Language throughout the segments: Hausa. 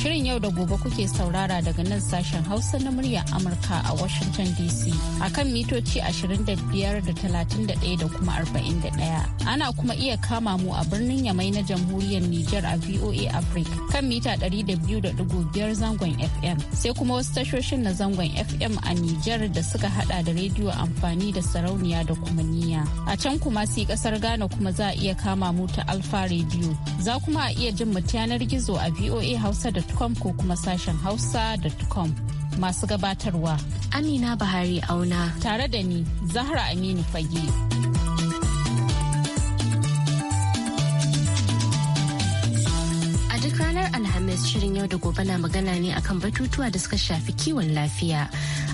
Shirin yau da gobe kuke saurara daga nan sashen Hausa na murya Amurka a Washington DC a kan mitoci 25 da da kuma 41. Ana kuma iya kama mu a birnin Yamai na Jamhuriyar Nijar a VOA Africa kan mita 200.5 zangon FM. Sai kuma wasu tashoshin na zangon FM a Nijar da suka hada da rediyo amfani da sarauniya da kuma niya. A can kuma sai kasar Ghana kuma za a iya kama mu ta Alfa rediyo Za kuma a iya jin mu yanar gizo a VOA Hausa da hausa.com ko kuma sashen hausa.com. Masu gabatarwa Amina Bahari Auna. Tare da ni Zahra Aminu Fage. A duk ranar Alhamis shirin yau da gobe na magana ne akan batutuwa da suka shafi kiwon lafiya.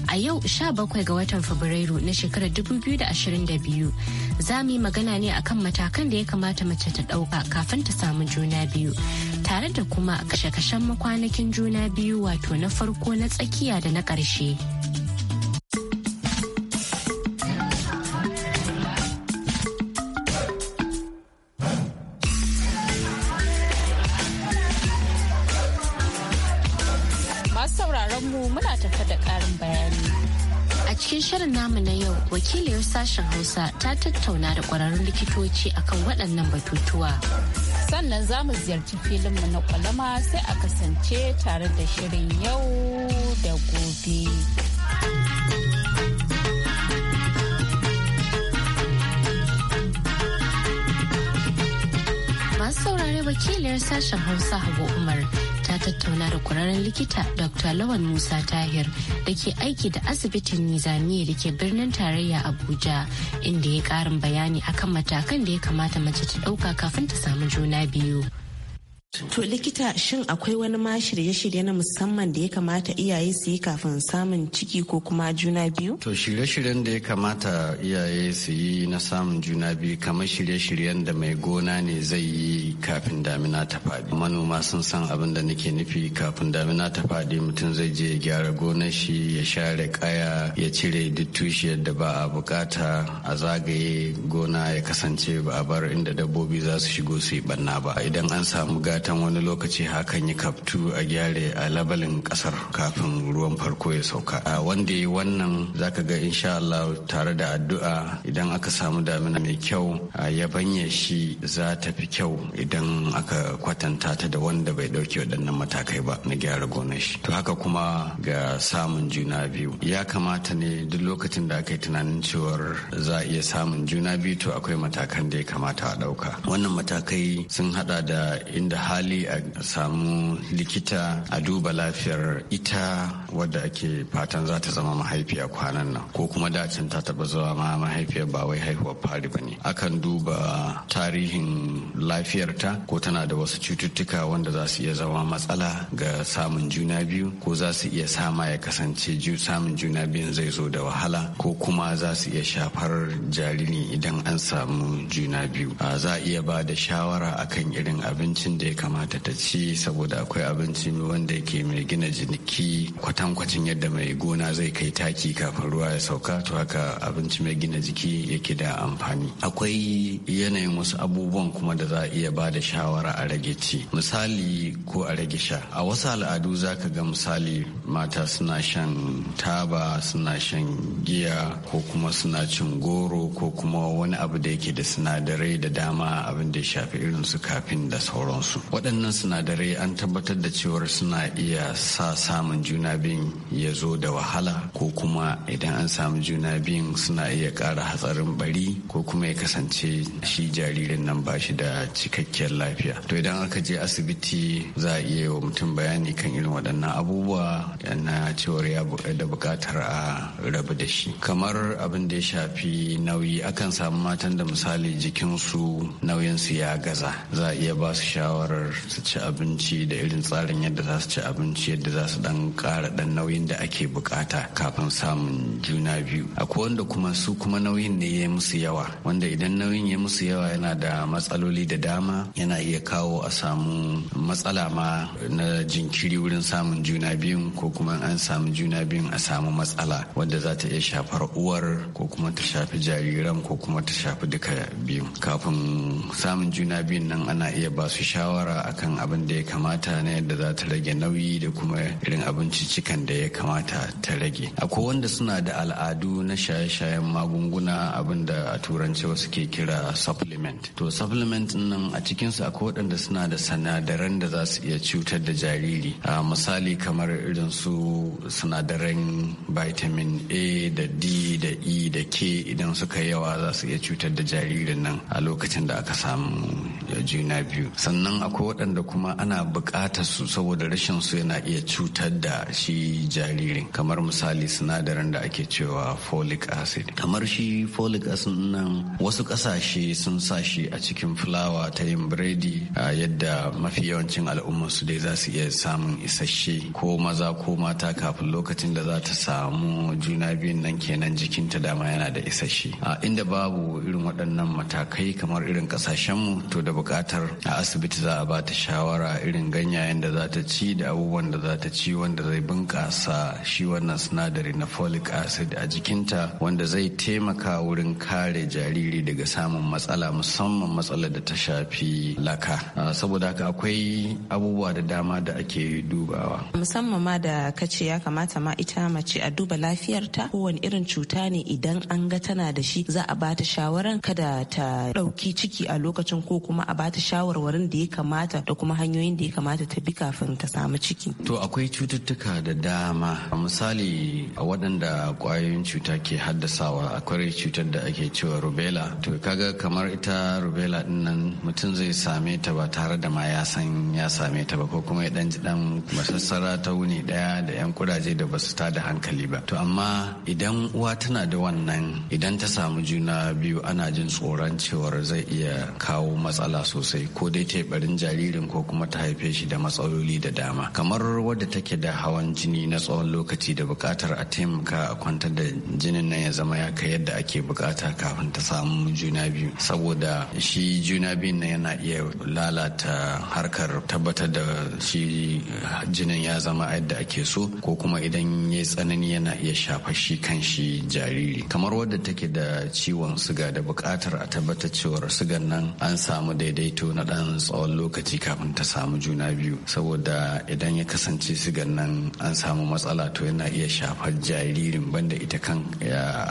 a yau 17 ga watan Fabrairu na shekarar 2022 za mu yi magana ne akan matakan da ya kamata mace ta ɗauka kafin ta samu juna biyu tare da kuma kashe-kashen makwanakin juna biyu wato na farko na tsakiya da na ƙarshe. shirin namu na yau wakiliyar sashen Hausa ta tattauna da kwararrun likitoci akan waɗannan batutuwa. Sannan za mu ziyarci mu na kwalama sai a kasance tare da shirin yau da gobe. Masu saurare wakiliyar sashen Hausa Habu Umar. tattauna da kwararren likita Dr. Lawan Musa Tahir da ke aiki da asibitin Nizamiya da ke birnin tarayya Abuja inda ya karin bayani akan matakan da ya kamata mace ta ɗauka kafin ta samu juna biyu. To likita shin akwai wani ma shirye-shirye na musamman da ya kamata iyaye su yi kafin samun ciki ko kuma juna biyu? To shirye-shiryen da ya kamata iyaye su yi na samun juna biyu kamar shirye-shiryen da mai gona ne zai yi kafin damina ta faɗi. Manoma sun san abin da nake nufi kafin damina ta faɗi mutum zai je ya gyara gonar shi ya share kaya ya cire duk tushiyar da ba a bukata a zagaye gona ya kasance ba a bar inda dabbobi za su shigo su yi banna ba. Idan an samu gata fatan wani lokaci hakan yi kaftu a gyare a labalin kasar kafin ruwan farko ya sauka a wanda yi wannan zaka ga insha Allah tare da addu'a idan aka samu damina mai kyau a yabanya shi za ta fi kyau idan aka kwatanta ta da wanda bai dauke waɗannan matakai ba na gyara gonar shi to haka kuma ga samun juna biyu ya kamata ne duk lokacin da aka yi tunanin cewar za a iya samun juna biyu to akwai matakan da ya kamata a ɗauka wannan matakai sun hada da inda hali a samu likita a duba lafiyar ita wadda ake fatan za ta zama mahaifiya kwanan nan ko kuma dacin ta taba zama ma mahaifiyar ba wai haihuwar fari ba ne akan duba tarihin lafiyar ta ko tana da wasu cututtuka wanda za su iya zama matsala ga samun juna biyu ko za su iya sama ya kasance samun juna biyun zai zo da wahala ko kuma za su iya shafar jariri idan an samu juna biyu za a iya ba da shawara akan irin abincin da ya kamata ta ci saboda akwai abinci wanda yake mai gina jiki kwatankwacin yadda mai gona zai kai taki kafin ruwa ya sauka to haka abinci mai gina jiki yake da amfani akwai yanayin wasu abubuwan kuma da za a iya ba da shawara a rage ci misali ko a rage sha a wasu al'adu za ka ga misali mata suna shan taba suna shan giya ko kuma suna cin goro ko kuma wani abu da yake da sinadarai da dama abin da ya shafi irin su kafin da sauransu waɗannan sinadarai an tabbatar da cewar suna iya sa samun juna biyun ya zo da wahala ko kuma idan an samu juna biyun suna iya ƙara hatsarin bari ko kuma ya kasance shi jaririn nan ba shi da cikakkiyar lafiya to idan aka je asibiti za a iya wa mutum bayani kan irin waɗannan abubuwa yana cewar ya da buƙatar a rabu da shi kamar abin da ya shafi nauyi akan samu matan da misali jikinsu nauyinsu ya gaza za a iya ba su shawarar shawarar su ci abinci da irin tsarin yadda za su ci abinci yadda za su dan kara dan nauyin da ake bukata kafin samun juna biyu akwai wanda kuma su kuma nauyin ne ya musu yawa wanda idan nauyin ya musu yawa yana da matsaloli da dama yana iya kawo a samu matsala ma na jinkiri wurin samun juna biyun ko kuma an samu juna biyun a samu matsala wanda za ta iya shafar uwar ko kuma ta shafi jariran ko kuma ta shafi duka biyu kafin samun juna biyun nan ana iya ba su shawara shawara akan abin da ya kamata na yadda za ta rage nauyi da kuma irin cikan da ya kamata ta rage akwai wanda suna da al'adu na shaye-shayen magunguna abin da a turanci wasu ke kira supplement to supplement nan a cikinsu akwai waɗanda suna da sinadaran da za su iya cutar da jariri a misali kamar irin su sinadaran vitamin a da d da e da k idan suka yawa za su iya cutar da jaririn nan a lokacin da aka samu juna biyu sannan akwai Ko waɗanda kuma ana buƙatar su saboda rashin su yana iya cutar da shi jaririn kamar misali sinadarin da ake cewa folic acid kamar shi folic acid nan wasu ƙasashe sun sa shi a cikin fulawa ta yin biredi a yadda mafi yawancin al'ummar su dai za su iya samun isasshe ko maza ko mata kafin lokacin da za ta samu juna biyun nan kenan jikinta dama yana da isasshe a inda babu irin waɗannan matakai kamar irin ƙasashenmu to da buƙatar a asibiti za a ba ta shawara irin ganyayen da za ta ci da abubuwan da za ta ci wanda zai bunƙasa shi wannan sinadari na folic acid a jikinta wanda zai taimaka wurin kare jariri daga samun matsala musamman matsalar da ta shafi laka ah, saboda haka akwai abubuwa da dama da ake dubawa musamman ma da kace ya kamata ma ita mace a duba lafiyarta kowane irin cuta ne idan an ga tana da shi za a bata shawaran kada ta ɗauki ciki a lokacin ko kuma a bata shawarwarin da ya kamata kamata da kuma hanyoyin da ya kamata ta bi kafin ta samu ciki. To akwai cututtuka da dama misali a waɗanda ƙwayoyin cuta ke haddasawa akwai cutar da ake cewa rubella to kaga kamar ita rubella din nan mutum zai same ta ba tare da ma ya san ya same ta ba ko kuma ya ɗan ji ɗan masassara ta wuni daya da yan kuraje da basu ta da hankali ba to amma idan uwa tana da wannan idan ta samu juna biyu ana jin tsoron cewar zai iya kawo matsala sosai ko dai ta barin jaririn ko kuma ta haife shi da matsaloli da dama kamar wadda take da hawan jini na tsawon lokaci da buƙatar a taimaka a kwantar da jinin nan ya zama ya kai yadda ake bukata kafin ta samu juna biyu saboda shi juna biyun nan yana iya lalata harkar tabbatar da shi jinin ya zama yadda ake so ko kuma idan ya tsanani yana iya shafa shi kan shi jariri kamar wadda take da ciwon suga da buƙatar a tabbatar cewar sugan nan an samu daidaito na ɗan tsawon lokaci lokaci kafin ta samu juna biyu saboda idan ya kasance sigan nan an samu matsala to yana iya shafar jaririn banda ita kan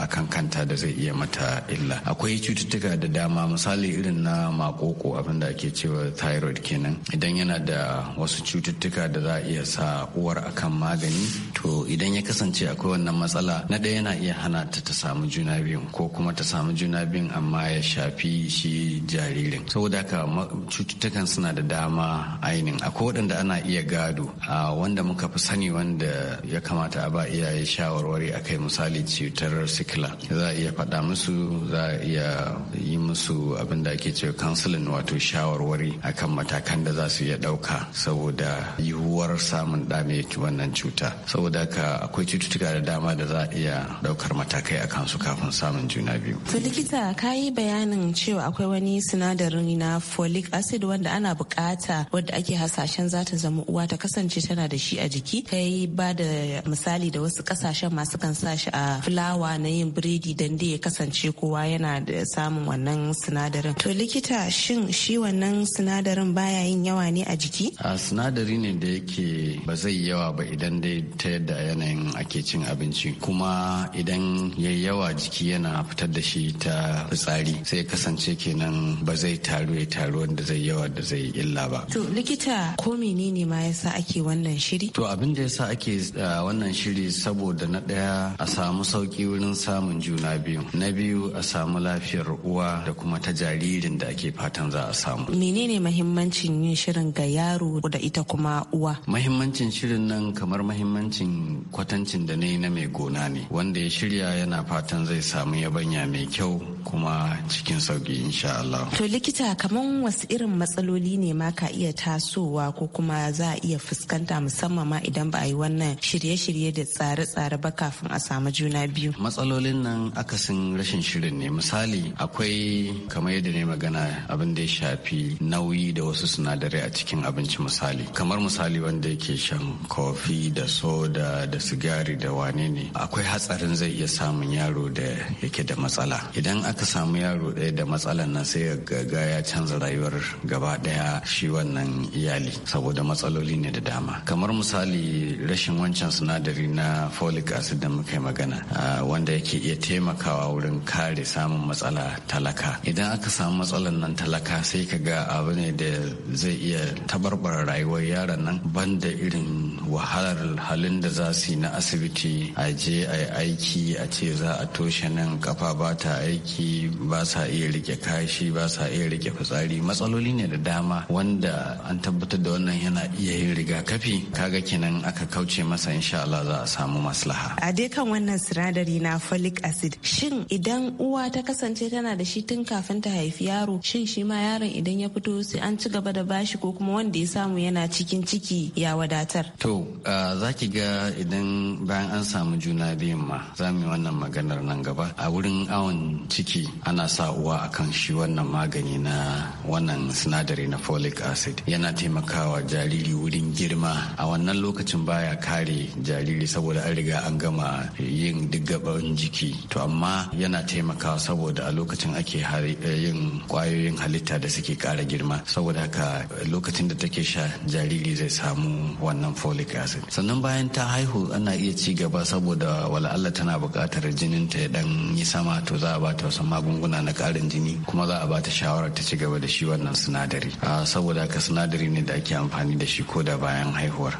akan kanta da zai iya mata illa akwai cututtuka da dama misali irin na makoko abinda ake cewa thyroid kenan idan yana da wasu cututtuka da za a iya sa uwar akan magani to idan ya kasance akwai wannan matsala na ɗaya yana iya hana ta ta samu juna biyu ko kuma ta samu juna biyun amma ya shafi shi jaririn saboda haka cututtukan suna suna da dama a akwai waɗanda ana iya gado a wanda muka fi sani wanda ya kamata a ba iyaye shawarwari a kai misali cutar sikila za a iya faɗa musu za a iya yi musu abin da ake cewa kansilin wato shawarwari akan matakan da za su iya ɗauka saboda yiwuwar samun ɗame wannan cuta saboda ka akwai cututtuka da dama da za a iya ɗaukar matakai a kansu kafin samun juna biyu. to likita ka yi bayanin cewa akwai wani sinadarin na folic acid wanda ana bukata wadda ake hasashen za ta zama uwa ta kasance tana da shi a jiki ta yi ba da misali da wasu kasashen masu kan sa shi a fulawa na yin biredi don da ya kasance kowa yana da samun wannan sinadarin to likita shin shi wannan sinadarin baya yin yawa ne a jiki a sinadari ne da yake ba zai yawa ba idan dai ta yadda yanayin ake cin abinci kuma idan ya yawa jiki yana fitar da shi ta fitsari sai kasance kenan ba zai taru ya taru wanda zai yawa da zai illa ba. To likita ko menene ma yasa ake wannan shiri? To abin da yasa ake eh, wannan shiri saboda na ɗaya a samu sauki wurin samun juna biyu, na biyu a samu lafiyar uwa da kuma ta jaririn da ake fatan za a samu. Menene mahimmancin yin shirin ga yaro da ita kuma uwa? Mahimmancin shirin nan kamar mahimmancin kwatancin da na yi na mai gona ne wanda ya shirya yana fatan zai samu yabanya mai kyau kuma cikin sauki insha Allah. To likita kamar wasu irin matsaloli ne ma ka iya tasowa ko kuma za a iya fuskanta musamman ma idan ba a yi wannan shirye-shirye da tsare-tsare ba kafin a samu juna biyu. Matsalolin nan akasin rashin shirin ne misali akwai kamar yadda ne magana abin da ya shafi nauyi da wasu sinadarai a cikin abinci misali kamar misali wanda yake shan kofi da soda da sigari da wane ne akwai hatsarin zai iya samun yaro da yake da matsala idan aka samu yaro ɗaya da matsalan nan sai ga ya canza rayuwar gaba ɗaya a shi wannan iyali saboda matsaloli ne da dama kamar misali rashin wancan sinadari na folic acid da muka yi magana wanda yake iya taimakawa wurin kare samun matsala talaka idan aka samu matsalar nan talaka sai ka ga abu ne da zai iya tabarbara rayuwar yaran nan banda irin wahalar halin da za su yi na asibiti a je a yi aiki a ce za a toshe nan kafa ba ta aiki ba sa iya rike kashi ba sa iya rike fitsari matsaloli ne da dama wanda an tabbatar da wannan yana iya yin rigakafi kaga kenan aka kauce masa insha Allah za a samu maslaha a dai kan wannan sinadari na folic acid shin idan uwa ta kasance tana da shi tun kafin ta haifi yaro shin shi ma yaron idan ya fito sai an ci gaba da bashi ko kuma wanda ya samu yana cikin ciki ya wadatar to za ki ga idan bayan an samu juna biyun ma za mu yi wannan maganar nan gaba a wurin awon ciki ana sa uwa akan shi wannan magani na wannan sinadari na na folic acid yana taimakawa jariri wurin girma a wannan lokacin baya kare jariri saboda an riga an gama yin digaban jiki to amma yana taimakawa saboda a lokacin ake eh, yin kwayoyin halitta da suke kara girma saboda haka lokacin da take sha jariri zai samu wannan folic acid sannan bayan ta haihu ana iya ci gaba saboda wala Allah tana buƙatar jinin ta ya dan yi sama to za a bata wasu magunguna na ƙarin jini kuma za a bata shawarar ta ci gaba da shi wannan sinadari Ah, saboda ka sinadari ne da ake amfani da shi ko da bayan haihuwar.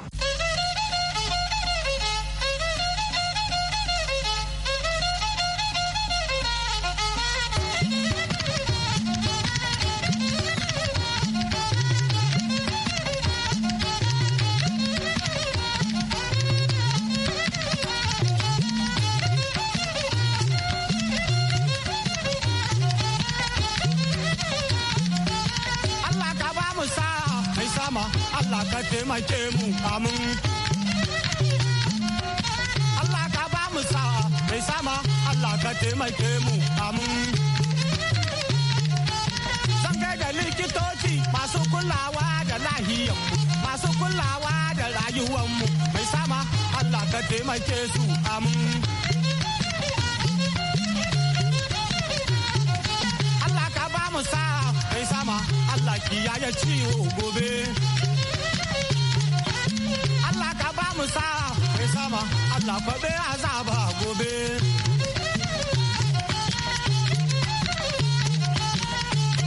Allah ka taimake mu amin. Allah ka ba mu sa'a mai sama Allah ka taimake mu amin. Zan da likitoci masu kulawa da lahiya masu kulawa da rayuwanmu mai sama Allah ka taimake su amin. Allah ka ba mu sa'a mai sama Allah kiyaye ciwo gobe. mu sa mai sama Allah kwabe azaba gobe.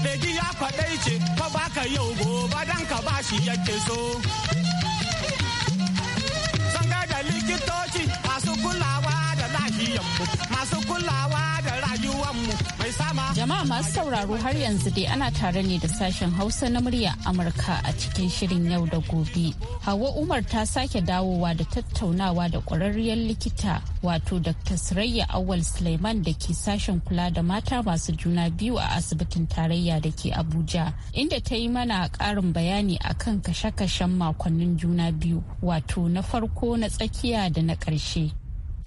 Daji ya kwaɗai ce fa baka yau gobe dan ka bashi yake so. Zanga da likitoci masu kulawa da lahiyanmu masu kulawa Jama'a masu sauraro har yanzu dai ana tare ne da sashen Hausa na murya Amurka a cikin shirin yau da gobe. Hawa Umar ta sake dawowa da tattaunawa da ƙwararriyar likita wato Dr. Sirayya Awal Suleiman da ke sashen kula da mata masu juna biyu a asibitin tarayya da ke Abuja, inda ta yi mana ƙarin bayani akan kashe-kashen makonnin juna biyu wato na farko na tsakiya da na ƙarshe.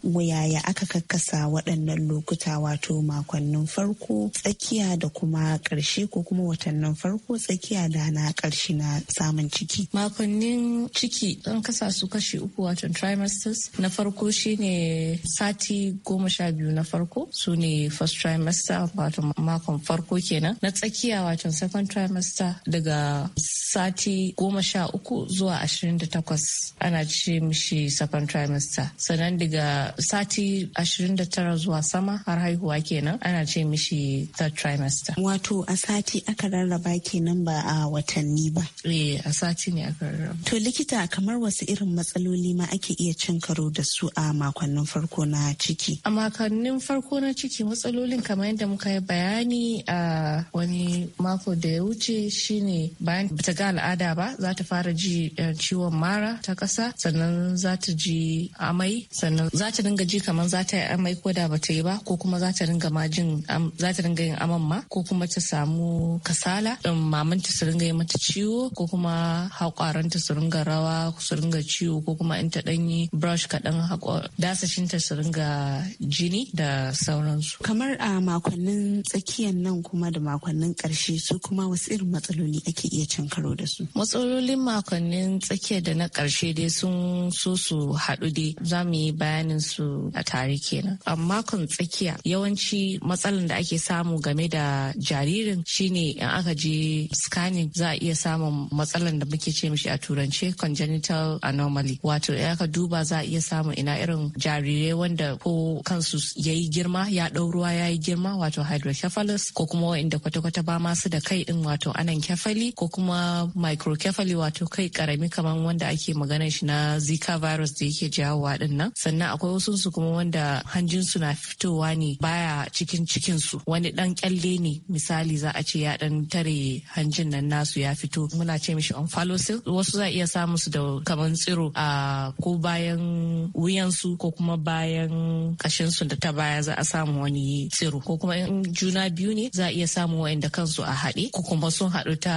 Wayaya yaya aka kakkasa waɗannan lokuta wato makonnin farko tsakiya da kuma ƙarshe ko kuma watannin farko tsakiya da na ƙarshe na samun ciki. Makonnin ciki an kasa su kashi uku wato trimesters na farko shine sati goma sha biyu na farko su ne first trimester wato makon farko kenan na tsakiya wato second trimester daga sati goma sha uku zuwa ashirin da takwas ana ce mishi second trimester sannan daga sati 29 zuwa sama har haihuwa kenan ana ce mishi third trimester. Wato a sati aka rarraba kenan ba a watanni ba. Eh a sati ne aka rarraba. To likita kamar wasu irin matsaloli ma ake iya cin karo da su a makonnin farko na ciki. A makonnin farko na ciki matsalolin kamar yadda muka yi bayani a wani mako da ya wuce shine bayan ta ga al'ada ba za ta fara ji eh, ciwon mara ta kasa sannan za ta ji amai sannan za ta ta dinga ji kamar za ta yi amai ko da bata yi ba ko kuma za ta dinga ma jin za ta dinga yin aman ma ko kuma ta samu kasala um, mamanta su dinga yi mata ciwo ko kuma haƙwaranta su dinga rawa su dinga ciwo ko kuma in ta yi brush kaɗan haƙo dasashinta su dinga jini da sauransu. Kamar a makonnin tsakiyar nan kuma da makonnin ƙarshe su kuma wasu irin matsaloli ake iya cin karo da su. Matsalolin makonnin tsakiyar da na ƙarshe dai sun so su haɗu dai za mu yi bayanin su su a tare kenan amma kan tsakiya yawanci matsalan da ake samu game da jaririn shine in aka je scanning za a iya samun matsalan da muke ce mishi a turance congenital anomaly wato in aka duba za a iya samun ina irin jarirai wanda ko kansu yayi girma ya ɗau ruwa yayi girma wato hydrocephalus ko kuma wa'inda kwata-kwata ba masu da kai din wato anan kefali ko kuma microcephaly wato kai karami kamar wanda ake maganar shi na zika virus da yake jawowa wa dinnan sannan akwai wasunsu kuma wanda hanjinsu na fitowa ne baya cikin cikinsu wani dan kyalle ne misali za a ce ya dan tare hanjin nan nasu ya fito muna ce mishi omphalocele wasu za a iya samu su da kaman tsiro a ko bayan wuyansu ko kuma bayan kashinsu da ta baya za a samu wani tsiro ko kuma in juna biyu ne za a iya samu wa'anda kansu a haɗe ko kuma sun haɗu ta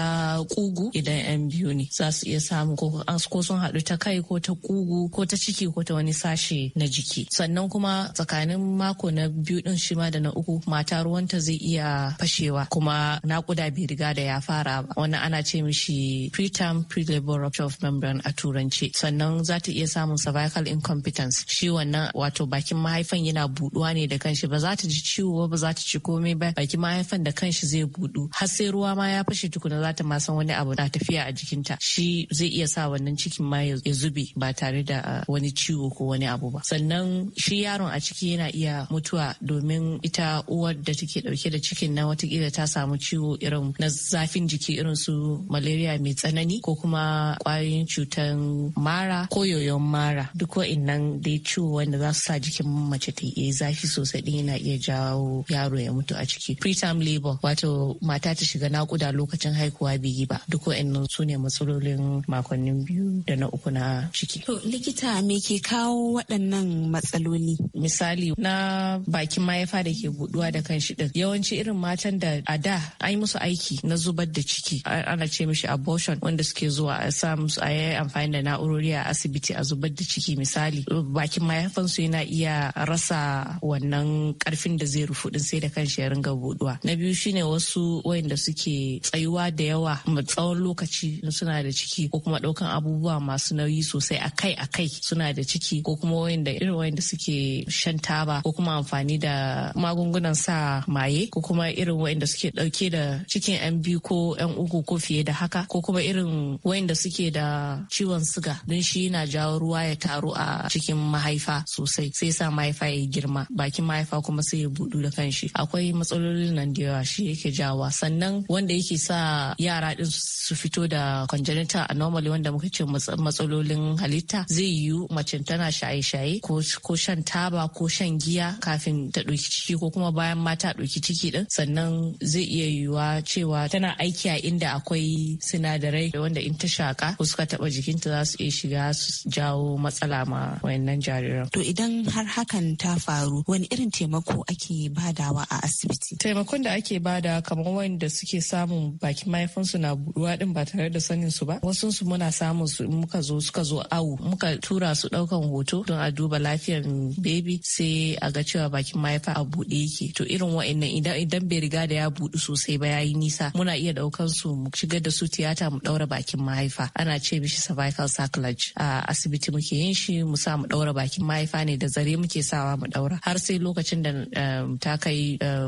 kugu idan yan biyu ne za su iya samu ko sun haɗu ta kai ko ta kugu ko ta ciki ko ta wani sashe na jiki ciki sannan kuma tsakanin mako na biyu din shi ma da na uku mata ruwanta zai iya fashewa kuma nakuda bai riga da ya fara ba wannan ana ce mishi preterm pre-labor rupture of membrane a turanci sannan za ta iya samun cervical incompetence shi wannan wato bakin mahaifan yana buɗuwa ne da kanshi ba za ta ji ciwo ba ba za ta ci komai ba bakin mahaifan da kanshi zai buɗu. har sai ruwa ma ya fashe tukuna za ta ma san wani abu na tafiya a jikinta shi zai iya sa wannan cikin ma ya zube ba tare da uh, wani ciwo ko wani abu ba sannan nan shi yaron a ciki yana iya mutuwa domin ita uwar da take dauke da cikin nan watakila ta samu ciwo irin na zafin jiki irin su malaria mai tsanani ko kuma kwayoyin cutan mara ko yoyon mara duk wa'innan dai ciwo wanda za su sa jikin mace ta yi zafi sosai din yana iya jawo yaro ya mutu a ciki preterm labor wato mata ta shiga nakuda lokacin haihuwa bai yi ba duk wa'annan su ne matsalolin makonnin biyu da na uku na ciki to likita me ke kawo waɗannan matsaloli. Misali na bakin mahaifa da ke buduwa da kan shi din. Yawanci irin matan da a da an yi musu aiki na zubar da ciki ana ce mishi abortion wanda suke zuwa a sa musu a yi amfani da na'urori a asibiti a zubar da ciki misali bakin mahaifansu yana iya rasa wannan karfin da zai rufu din sai da kan shi ya ringa buduwa. Na biyu shine wasu wayanda suke tsayuwa da yawa tsawon lokaci suna da ciki ko kuma daukan abubuwa masu nauyi sosai akai akai suna da ciki ko kuma wayanda irin irin da suke shan taba ko kuma amfani da magungunan sa maye ko kuma irin da suke dauke da cikin yan biyu ko yan uku ko fiye da haka ko kuma irin wayanda suke da ciwon siga don shi yana jawo ruwa ya taru a cikin mahaifa sosai sai sa mahaifa ya girma bakin mahaifa kuma sai ya budu da kanshi akwai matsalolin nan da yawa shi yake jawa sannan wanda yake sa yara din su fito da congenital anomaly wanda muka ce matsalolin halitta zai yiwu mace tana shaye-shaye ko ko shan taba ko shan giya kafin ta ɗauki ciki ko kuma bayan mata ta ɗauki ciki ɗin sannan zai iya yiwuwa cewa tana aiki a inda akwai sinadarai wanda in ta shaka ko suka taɓa jikinta za su iya shiga su jawo matsala ma wayannan jariran. To idan har hakan ta faru wani irin taimako ake badawa a asibiti? Taimakon da ake bada kamar wanda suke samun bakin mahaifinsu na buɗuwa ɗin ba tare da sanin su ba. Wasu su muna samun su in muka zo suka zo awu muka tura su ɗaukan hoto don a duba lafiya. lafiyan baby sai a ga cewa bakin mahaifa a buɗe yake to irin wa'annan idan idan bai riga da ya buɗu sosai ba yayi nisa muna iya ɗaukan su mu shigar da su tiyata mu ɗaura bakin mahaifa ana ce mishi cervical sacrilege a asibiti muke yin shi mu sa mu ɗaura bakin mahaifa ne da zare muke sawa mu ɗaura har sai lokacin da eh, ta kai eh,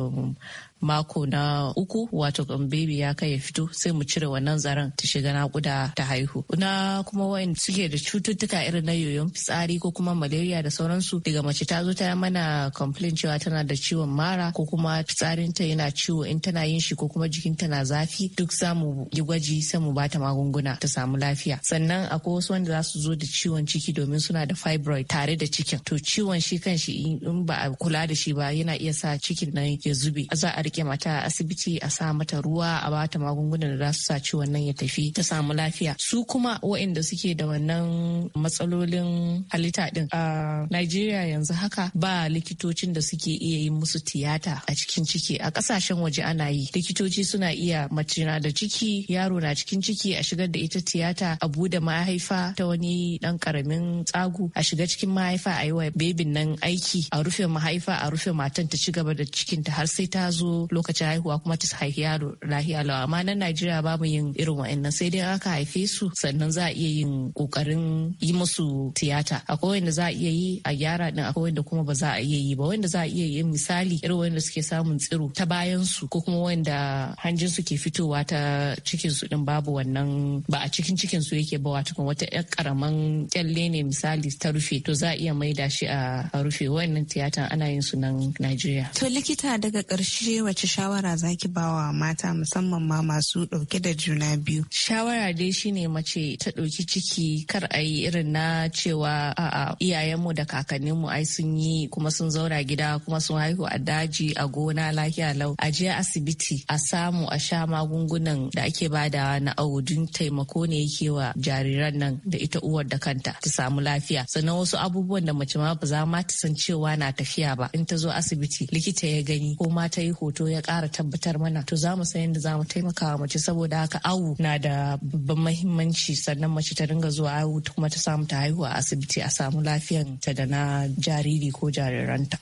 mako na uku wato bebi ya kai ya fito sai mu cire wannan zaren ta shiga nakuda ta haihu na kuma wayan suke da cututtuka irin na yoyon fitsari ko kuma malaria da sauransu daga mace ta zo ta mana complain cewa tana da ciwon mara ko kuma ta yana ciwo in tana yin shi ko kuma jikinta na zafi duk zamu yi gwaji sai mu bata magunguna ta samu lafiya sannan akwai wasu wanda za su zo da ciwon ciki domin suna da fibroid tare da cikin to ciwon shi kan shi in ba a kula da shi ba yana iya sa cikin nan ya zube za a rike mata a asibiti a sa mata ruwa a bata magungunan da za su sa ciwon nan ya tafi ta samu lafiya su kuma waɗanda suke da wannan matsalolin halitta din a Najeriya yanzu haka ba likitocin da suke iya yin musu tiyata a cikin ciki a kasashen waje ana yi likitoci suna iya macina da ciki yaro na cikin ciki a shigar da ita tiyata a bude mahaifa ta wani dan karamin tsagu a shiga cikin mahaifa a yi wa bebin nan aiki a rufe mahaifa a rufe matan ta ci gaba da cikinta har sai ta zo lokacin haihuwa kuma ta haifi yaro lahiya lawa amma nan Najeriya ba mu yin irin wa'annan sai dai aka haife su sannan za a iya yin kokarin yi musu tiyata akwai wanda za a iya yi a gyara din akwai wanda kuma ba za a iya yi ba wanda za a iya yi misali irin wanda suke samun tsiro ta bayan su ko kuma wanda hanjin su ke fitowa ta cikin su din babu wannan ba a cikin cikin su yake ba wato wata yar karaman kyalle ne misali ta rufe to za a iya maida shi a rufe wannan tiyatan ana yin su nan Najeriya to likita daga ƙarshe wace shawara zaki bawa mata musamman ma masu dauke da juna biyu? Shawara dai shine mace ta ɗauki ciki kar a yi irin na cewa a'a iyayenmu da kakanninmu ai sun yi kuma sun zauna gida kuma sun haihu a daji a gona lafiya lau a je asibiti a samu a sha magungunan da ake badawa na dun taimako ne yake wa jariran nan da ita uwar da kanta ta samu lafiya sannan wasu abubuwan da mace ma ba za ma ta san cewa na tafiya ba in ta zo asibiti likita ya gani ko ma ta yi hoto fito ya ƙara tabbatar mana to za mu san yadda za mu taimaka wa mace saboda haka awu na da babban mahimmanci sannan mace ta dinga zuwa awu kuma ta samu ta haihu a asibiti a samu lafiyan ta da na jariri ko jariranta.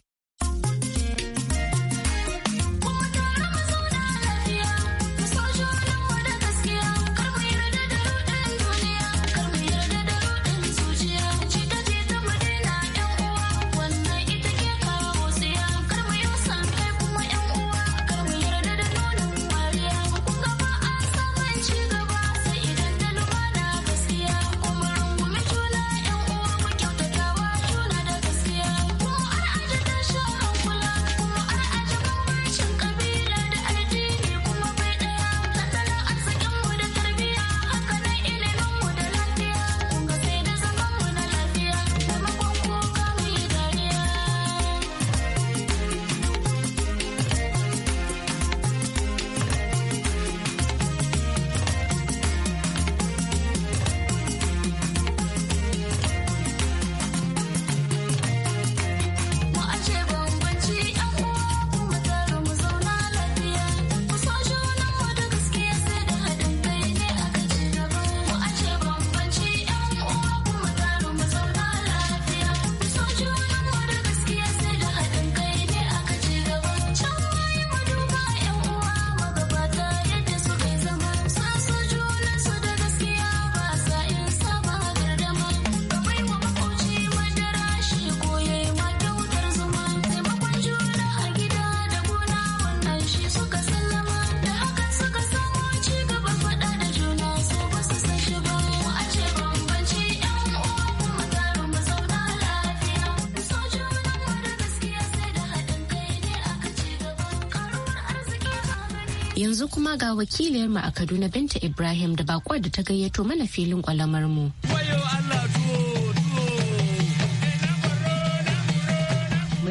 kuma ga wakiliyarmu a Kaduna Binta Ibrahim da bakwar da ta gayyato mana filin kwalamar mu.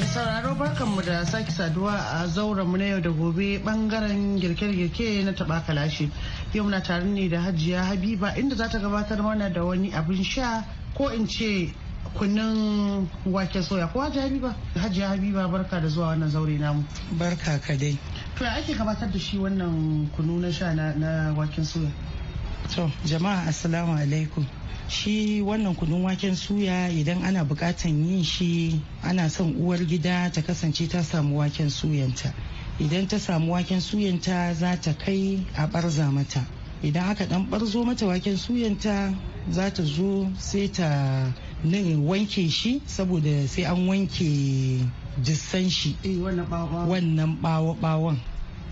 sauraro mu da sake saduwa a zauren mu na yau da gobe bangaren girke-girke na taba kalashi yau muna tare ne da hajiya habiba inda za ta gabatar mana da wani abin sha ko in ce kunnin wake soya ko hajiya habiba hajiya habiba barka da zuwa wannan zaure namu barka ka dai Kuna ake gabatar da shi wannan kunu na sha na waken suya to jama'a assalamu alaikum shi wannan kunun waken suya idan ana bukatan yin shi ana son uwar gida ta kasance ta samu waken suyanta idan ta samu waken suyanta za ta kai a barza mata idan aka dan barzo mata waken suyanta za ta zo sai ta wanke shi saboda sai an wanke jisan shi eh, wannan bawo-bawon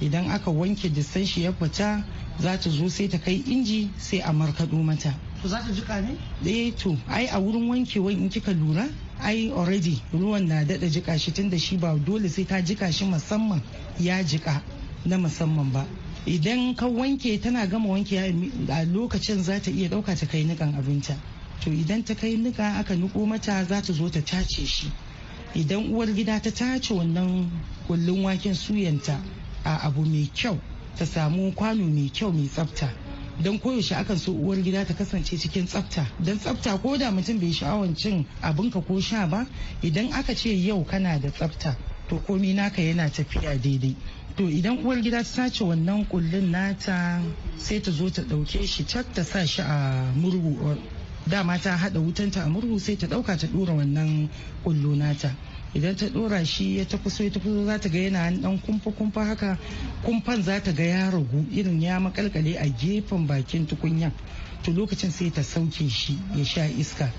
idan aka wanke jisan shi ya fita za ta zo sai ta kai inji sai a markaɗo mata to za ta jika ne? eh to ai a wurin wankewan in kika lura ai already ruwan na daɗa jika shi tunda shi ba dole sai ta jika shi musamman ya jiƙa na musamman ba idan ka wanke tana gama wanke a lokacin za ta iya ɗauka ta kai nikan abinta to idan ta kai nika aka niko mata za ta zo ta tace shi idan uwar gida ta tace wannan kullun waken suyanta a abu mai kyau ta samu kwano mai kyau mai tsafta don koyaushe akan so uwar gida ta kasance cikin tsafta don tsafta ko da mutum bai sha'awan cin ka ko sha ba idan aka ce yau kana da tsafta to komi naka yana tafiya daidai to idan uwar gida ta sace wannan kullun nata sai ta zo ta ɗauke shi ta sa shi a murhu dama ta haɗa wutanta a murhu sai ta ɗauka ta ɗora wannan kullu nata idan ta ɗora shi ya ta kuso ta kuso za ta ga yana ɗan kumfa kumfa haka kumfan za ta ga ya ragu irin ya makalkale a gefen bakin tukunya to lokacin sai ta sauke shi ya sha iska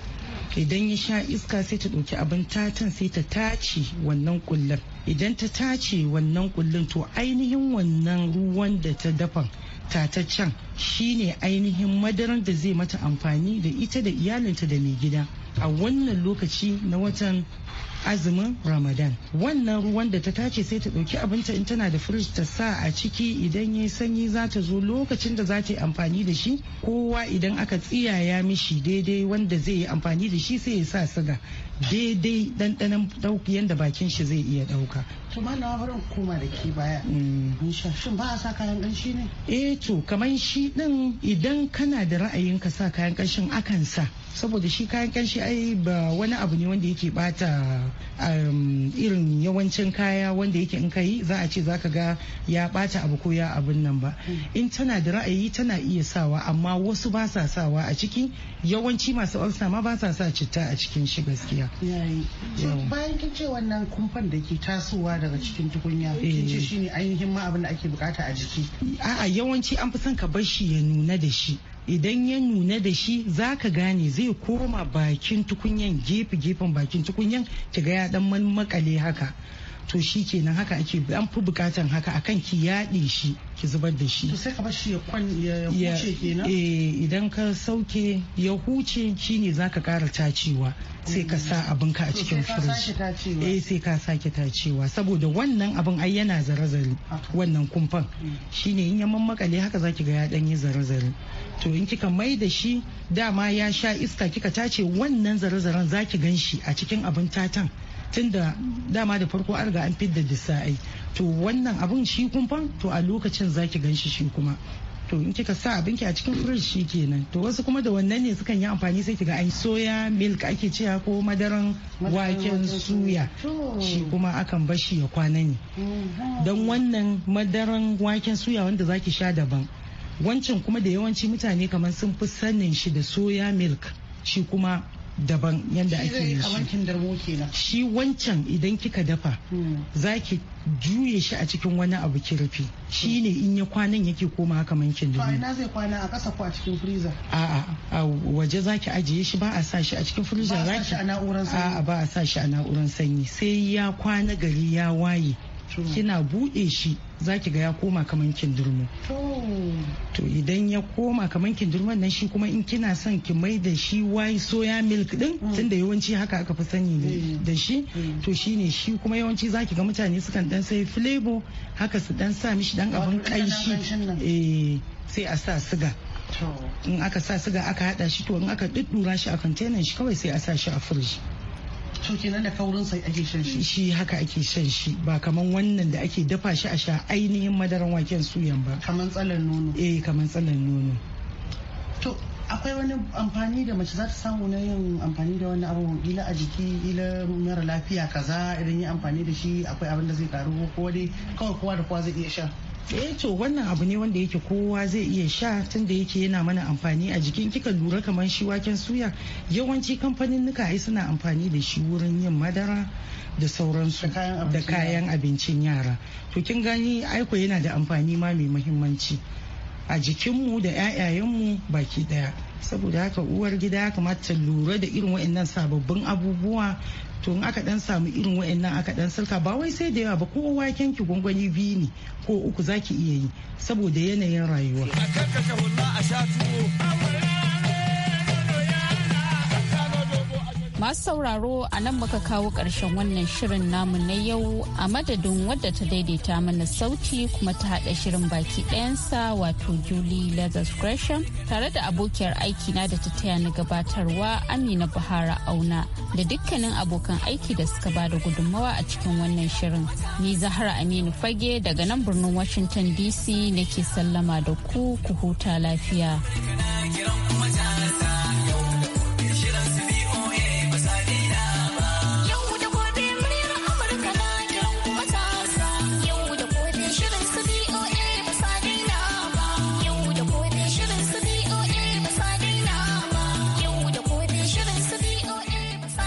idan ya sha iska sai ta ɗauki abin tatan sai ta tace wannan kullun idan ta tace wannan kullun to ainihin wannan ruwan da ta dafa tataccen shine ainihin madarar da zai mata amfani da ita da iyalinta da mai gida a wannan lokaci na watan azumin ramadan wannan ruwan da ta tace sai ta ɗauki abinta in tana da firij ta sa a ciki idan ya sanyi za ta zo lokacin da za ta yi amfani da shi kowa idan aka tsiyaya mishi daidai wanda zai yi amfani da shi sai ya sa siga daidai ɗanɗanon yadda bakin shi zai iya ɗauka. to malama barin kuma da ke baya mm. shin ba a sa kayan ƙanshi ne eh to kamar shi ɗin idan kana da ra'ayin ka sa kayan ƙanshin akan sa saboda shi kayan kanshi ai ba wani abu ne wanda yake bata um, irin yawancin kaya wanda yake in kai za a ce za ka ga ya bata abu ko ya abin nan ba mm. in tana da ra'ayi tana iya sawa amma wasu ba sa sawa a ciki yawanci masu ulcer ma ba sa sa citta a cikin shi gaskiya bayan kin ce wannan kumfan da ke tasowa daga cikin tukunya kin ce eh. shine ainihin ma abin da ake bukata a jiki a'a yawanci an fi son ka bar shi ya nuna da shi idan ya nuna da shi za ka gane zai koma bakin tukunyan gefe gefen bakin tukunyan kiga ya dan makale haka to shi kenan haka ake an fi bukatan haka akan ki yaɗe shi ki zubar da shi sai ka bar shi ya kwan ya huce kenan eh idan ka sauke ya huce shine kara kara tacewa sai ka sa abinka a cikin firij eh sai ka sake tacewa saboda wannan abin ai yana zare-zare wannan kumfan mm. shine in ya mammakale haka zaki ga ya dan yi zare-zare to in kika mai da shi dama ya sha iska kika tace wannan zare-zaren zaki gan shi a cikin abin tatan tunda dama da farko arga riga an fidda disa'ai to wannan abin shi kumfan to a lokacin zaki gan shi shi kuma to in kika sa abinki a cikin shi kenan to wasu kuma da wannan ne sukan yi amfani sai kiga an soya milk ake cewa ko madaran waken suya shi kuma akan bashi ya kwana ne don wannan madaran waken suya wanda zaki sha daban wancan kuma da yawanci mutane kamar sun fi sannin shi da soya milk shi kuma daban yadda ake yi shi shi wancan idan kika dafa hmm. za ki juye shi a cikin wani abu ki shi ne in ya kwanan yake koma kamar kin dubu ina zai kwana a kasa ko a cikin freezer a a a waje zaki ajiye shi ba a sa shi a cikin freezer ba a sa shi a na'urar sanyi a ba a sa shi a na'urar sanyi sai ya kwana gari ya waye kina buɗe shi za ki ga ya koma kaman kindurmo to idan ya koma kaman kindurmon nan shi kuma in kina son ki mai da shi wai soya milk din mm. tunda yawanci haka aka fi sani ne mm. da shi mm. to shine shi kuma yawanci za ki ga mutane sukan dan sai flavor haka su dan sa mishi dan abun kaishi eh sai a sa suga in aka sa suga aka hada shi to in aka duddura shi a container shi kawai sai a sa shi a firiji to kenan da kaurin sai ake shan shi shi haka ake shan shi ba kaman wannan da ake dafa shi a sha ainihin madaran waken suyan ba kaman tsallan nono eh kaman tsallan nono to akwai wani amfani da mace za ta samu na yin amfani da wani abu ila a jiki ila mara lafiya kaza idan yi amfani da shi akwai abin da zai karu ko dai kawai kowa da kowa zai iya sha eh to wannan abu ne wanda yake kowa zai iya sha tunda yake yana mana amfani a jikin kika lura kamar shi waken suya yawanci kamfanin nuka ai suna amfani da shi wurin yin madara da sauransu da kayan abincin yara to kin gani aiko yana da amfani ma mai muhimmanci a jikinmu da 'ya'yayenmu baki daya saboda haka uwar gida ya kamata lura da irin waɗannan sababbin abubuwa to in aka dan samu irin wa'annan aka dan sarka ba wai sai da yawa ba ko waken ki gwangwani biyu ne ko uku zaki iya yi saboda yanayin rayuwa a a sha tuwo Masu sauraro a nan muka kawo ƙarshen wannan shirin namu na yau a madadin wadda ta daidaita mana sauti kuma ta haɗa shirin baki ɗayansa wato Julie Leathers Gresham tare da abokiyar aiki na da ta taya ni gabatarwa Amina Buhara Auna da dukkanin abokan aiki da suka ba da gudunmawa a cikin wannan shirin. Ni Zahra Aminu Fage daga nan birnin Washington DC nake sallama da ku ku huta lafiya.